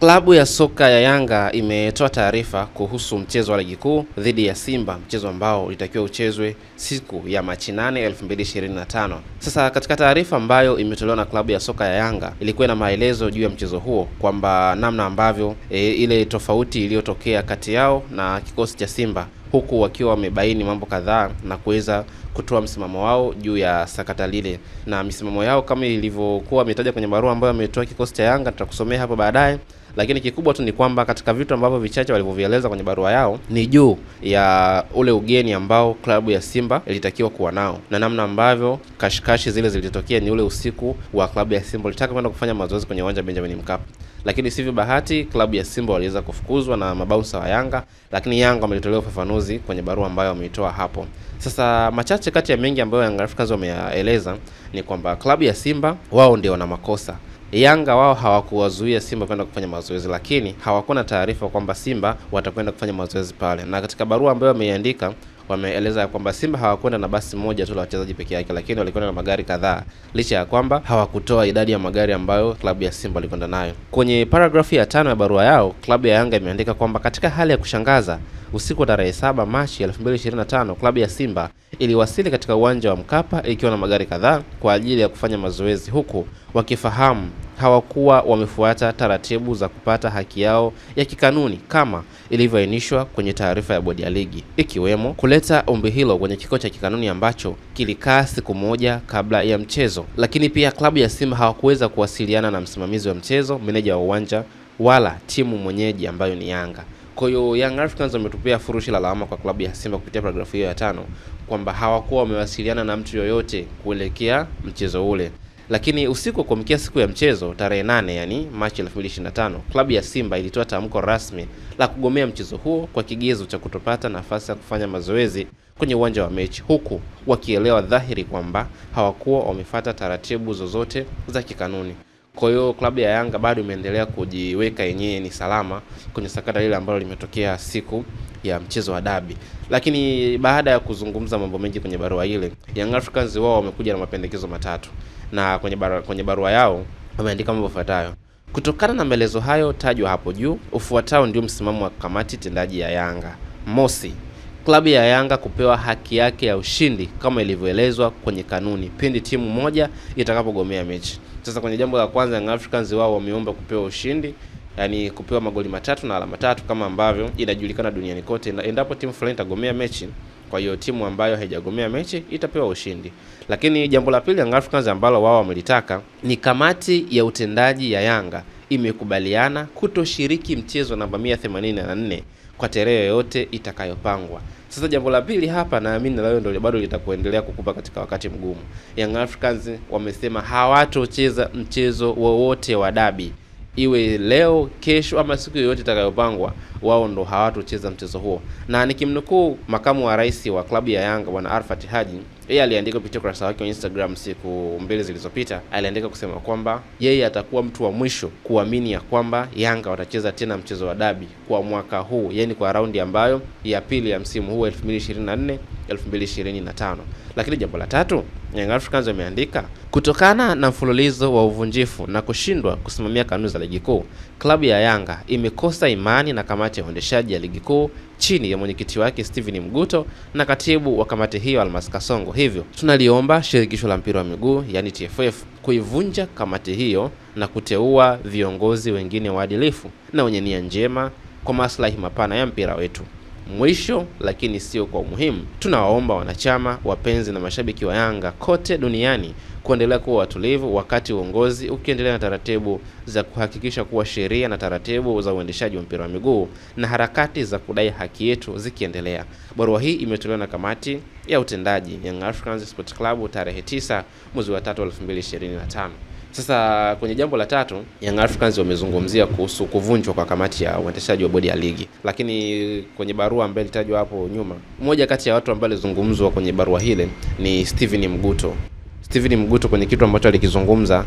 Klabu ya soka ya Yanga imetoa taarifa kuhusu mchezo wa ligi kuu dhidi ya Simba, mchezo ambao ulitakiwa uchezwe siku ya Machi 8, 2025. Sasa katika taarifa ambayo imetolewa na klabu ya soka ya Yanga ilikuwa na maelezo juu ya mchezo huo kwamba namna ambavyo e, ile tofauti iliyotokea kati yao na kikosi cha Simba huku wakiwa wamebaini mambo kadhaa na kuweza kutoa msimamo wao juu ya sakata lile, na misimamo yao kama ilivyokuwa ametaja kwenye barua ambayo ametoa kikosi cha Yanga, tutakusomea hapo baadaye lakini kikubwa tu ni kwamba katika vitu ambavyo vichache walivyovieleza kwenye barua yao ni juu ya ule ugeni ambao klabu ya Simba ilitakiwa kuwa nao na namna ambavyo kashikashi zile zilitokea ni ule usiku wa klabu ya Simba ilitaka kwenda kufanya mazoezi kwenye uwanja Benjamin Mkapa, lakini sivyo bahati, klabu ya Simba waliweza kufukuzwa na mabausa wa Yanga, lakini Yanga wamelitolea ufafanuzi kwenye barua ambayo wameitoa hapo. Sasa machache kati ya mengi ambayo yanga Africans wameyaeleza ni kwamba klabu ya Simba wao ndio wana makosa Yanga wao hawakuwazuia Simba kwenda kufanya mazoezi, lakini hawakuwa na taarifa kwamba Simba watakwenda kufanya mazoezi pale, na katika barua ambayo wameiandika wameeleza kwamba Simba hawakwenda na basi moja tu la wachezaji peke yake, lakini walikwenda na magari kadhaa, licha ya kwamba hawakutoa idadi ya magari ambayo klabu ya Simba walikwenda nayo. Kwenye paragrafu ya tano ya barua yao, klabu ya Yanga imeandika kwamba katika hali ya kushangaza, usiku wa tarehe 7 Machi 2025 klabu ya Simba iliwasili katika uwanja wa Mkapa ikiwa na magari kadhaa kwa ajili ya kufanya mazoezi, huku wakifahamu hawakuwa wamefuata taratibu za kupata haki yao ya kikanuni kama ilivyoainishwa kwenye taarifa ya bodi ya ligi, ikiwemo kuleta ombi hilo kwenye kikao cha kikanuni ambacho kilikaa siku moja kabla ya mchezo. Lakini pia klabu ya Simba hawakuweza kuwasiliana na msimamizi wa mchezo, meneja wa uwanja wala timu mwenyeji ambayo ni Yanga. Kwa hiyo Young Africans wametupia furushi la lawama kwa klabu ya Simba kupitia paragrafu hiyo ya tano kwamba hawakuwa wamewasiliana na mtu yoyote kuelekea mchezo ule. Lakini usiku wa kuamkia siku ya mchezo tarehe nane yani Machi 2025 klabu ya Simba ilitoa tamko rasmi la kugomea mchezo huo kwa kigezo cha kutopata nafasi ya kufanya mazoezi kwenye uwanja wa mechi, huku wakielewa dhahiri kwamba hawakuwa wamefata taratibu zozote za kikanuni. Kwa hiyo klabu ya Yanga bado imeendelea kujiweka yenyewe ni salama kwenye sakata lile ambalo limetokea siku ya mchezo wa dabi. Lakini baada ya kuzungumza mambo mengi kwenye barua ile, Young Africans wao wamekuja na mapendekezo matatu, na kwenye barua, kwenye barua yao wameandika mambo yafuatayo: kutokana na maelezo hayo tajwa hapo juu, ufuatao ndio msimamo wa kamati tendaji ya Yanga. Mosi, klabu ya Yanga kupewa haki yake ya ushindi kama ilivyoelezwa kwenye kanuni pindi timu moja itakapogomea mechi. Sasa kwenye jambo la kwanza, Young Africans wao wameomba kupewa ushindi, yani kupewa magoli matatu na alama tatu kama ambavyo inajulikana duniani kote, endapo timu fulani itagomea mechi kwa hiyo timu ambayo haijagomea mechi itapewa ushindi. Lakini jambo la pili Young Africans ambalo wao wamelitaka ni kamati ya utendaji ya Yanga imekubaliana kutoshiriki mchezo namba 184 kwa tarehe yoyote itakayopangwa. Sasa jambo la pili hapa, naamini na leo ndio bado litakuendelea kukupa katika wakati mgumu. Young Africans wamesema hawatocheza mchezo wowote wa dabi, iwe leo, kesho ama siku yoyote itakayopangwa, wao ndo hawatocheza mchezo huo, na nikimnukuu makamu wa rais wa klabu ya Yanga bwana Arfat Haji yeye aliandika kupitia ukurasa wake wa Instagram siku mbili zilizopita, aliandika kusema kwamba yeye atakuwa mtu wa mwisho kuamini ya kwamba Yanga watacheza tena mchezo wa dabi kwa mwaka huu, yani kwa raundi ambayo ya pili ya msimu huu 2024 2025. Lakini jambo la tatu, Young Africans wameandika kutokana na mfululizo wa uvunjifu na kushindwa kusimamia kanuni za ligi kuu, klabu ya Yanga imekosa imani na kamati ya uendeshaji ya ligi kuu chini ya mwenyekiti wake Steven Mguto na katibu wa kamati hiyo Almas Kasongo. Hivyo tunaliomba shirikisho la mpira wa miguu yani TFF kuivunja kamati hiyo na kuteua viongozi wengine waadilifu na wenye nia njema kwa maslahi mapana ya mpira wetu. Mwisho lakini sio kwa umuhimu, tunawaomba wanachama, wapenzi na mashabiki wa Yanga kote duniani kuendelea kuwa watulivu wakati uongozi ukiendelea na taratibu za kuhakikisha kuwa sheria na taratibu za uendeshaji wa mpira wa miguu na harakati za kudai haki yetu zikiendelea. Barua hii imetolewa na kamati ya utendaji Young Africans Sports Club tarehe 9 mwezi wa 3 2025. Sasa kwenye jambo la tatu, Young Africans wamezungumzia kuhusu kuvunjwa kwa kamati ya uendeshaji wa bodi ya ligi, lakini kwenye barua ambayo ilitajwa hapo nyuma, mmoja kati ya watu ambao alizungumzwa kwenye barua hile ni Steven Mguto. Steven Mguto kwenye kitu ambacho alikizungumza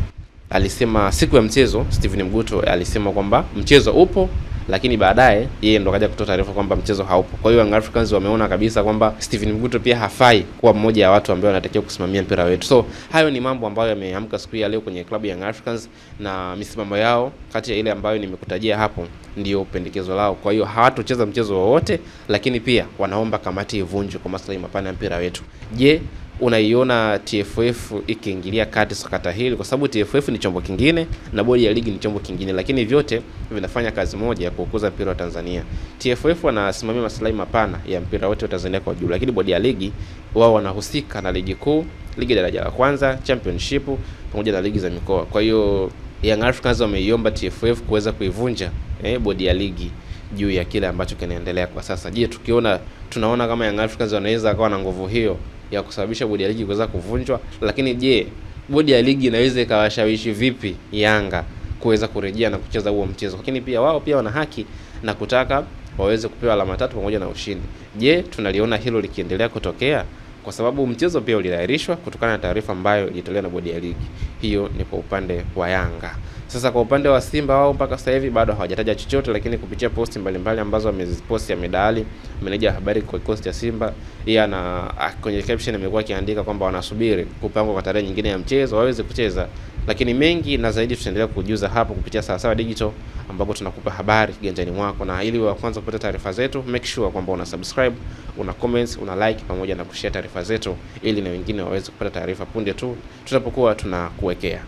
alisema siku ya mchezo, Steven Mguto alisema kwamba mchezo upo lakini baadaye yeye ndo kaja kutoa taarifa kwamba mchezo haupo. Kwa hiyo Young Africans wameona kabisa kwamba Stephen Mguto pia hafai kuwa mmoja ya watu ambao wanatakiwa kusimamia mpira wetu. So hayo ni mambo ambayo yameamka siku ya leo kwenye klabu ya Young Africans na misimamo yao kati ya ile ambayo nimekutajia hapo ndio pendekezo lao. Kwa hiyo hawatocheza mchezo wowote, lakini pia wanaomba kamati ivunjwe kwa maslahi mapana ya mpira wetu. Je, unaiona TFF ikiingilia kati sakata hili, kwa sababu TFF ni chombo kingine na bodi ya ligi ni chombo kingine, lakini vyote vinafanya kazi moja ya kuukuza mpira wa Tanzania. TFF wanasimamia maslahi mapana ya mpira wote wa Tanzania kwa ujumla, lakini bodi ya ligi wao wanahusika na ligi kuu, ligi daraja la kwanza, championship pamoja na ligi za mikoa. Kwa hiyo Young Africans wameiomba TFF kuweza kuivunja eh, bodi ya ligi juu ya kile ambacho kinaendelea kwa sasa. Je, tukiona tunaona kama Young Africans wanaweza akawa na nguvu hiyo ya kusababisha bodi ya ligi kuweza kuvunjwa. Lakini je, bodi ya ligi inaweza ikawashawishi vipi Yanga kuweza kurejea na kucheza huo mchezo? Lakini pia wao pia wana haki na kutaka waweze kupewa alama tatu pamoja na ushindi. Je, tunaliona hilo likiendelea kutokea? kwa sababu mchezo pia uliahirishwa kutokana na taarifa ambayo ilitolewa na bodi ya ligi. Hiyo ni kwa upande wa Yanga. Sasa kwa upande wa Simba, wao mpaka sasa hivi bado hawajataja chochote, lakini kupitia posti mbalimbali ambazo wameziposti, ya medali, meneja habari kwa kikosi cha Simba, yeye ana kwenye caption amekuwa akiandika kwamba wanasubiri kupangwa kwa tarehe nyingine ya mchezo waweze kucheza lakini mengi na zaidi tutaendelea kujuza hapo kupitia Sawasawa Digital ambako tunakupa habari kiganjani mwako, na ili wa kwanza kupata taarifa zetu, make sure kwamba una subscribe, una comments, una like pamoja na kushare taarifa zetu, ili na wengine waweze kupata taarifa punde tu tutapokuwa tunakuwekea.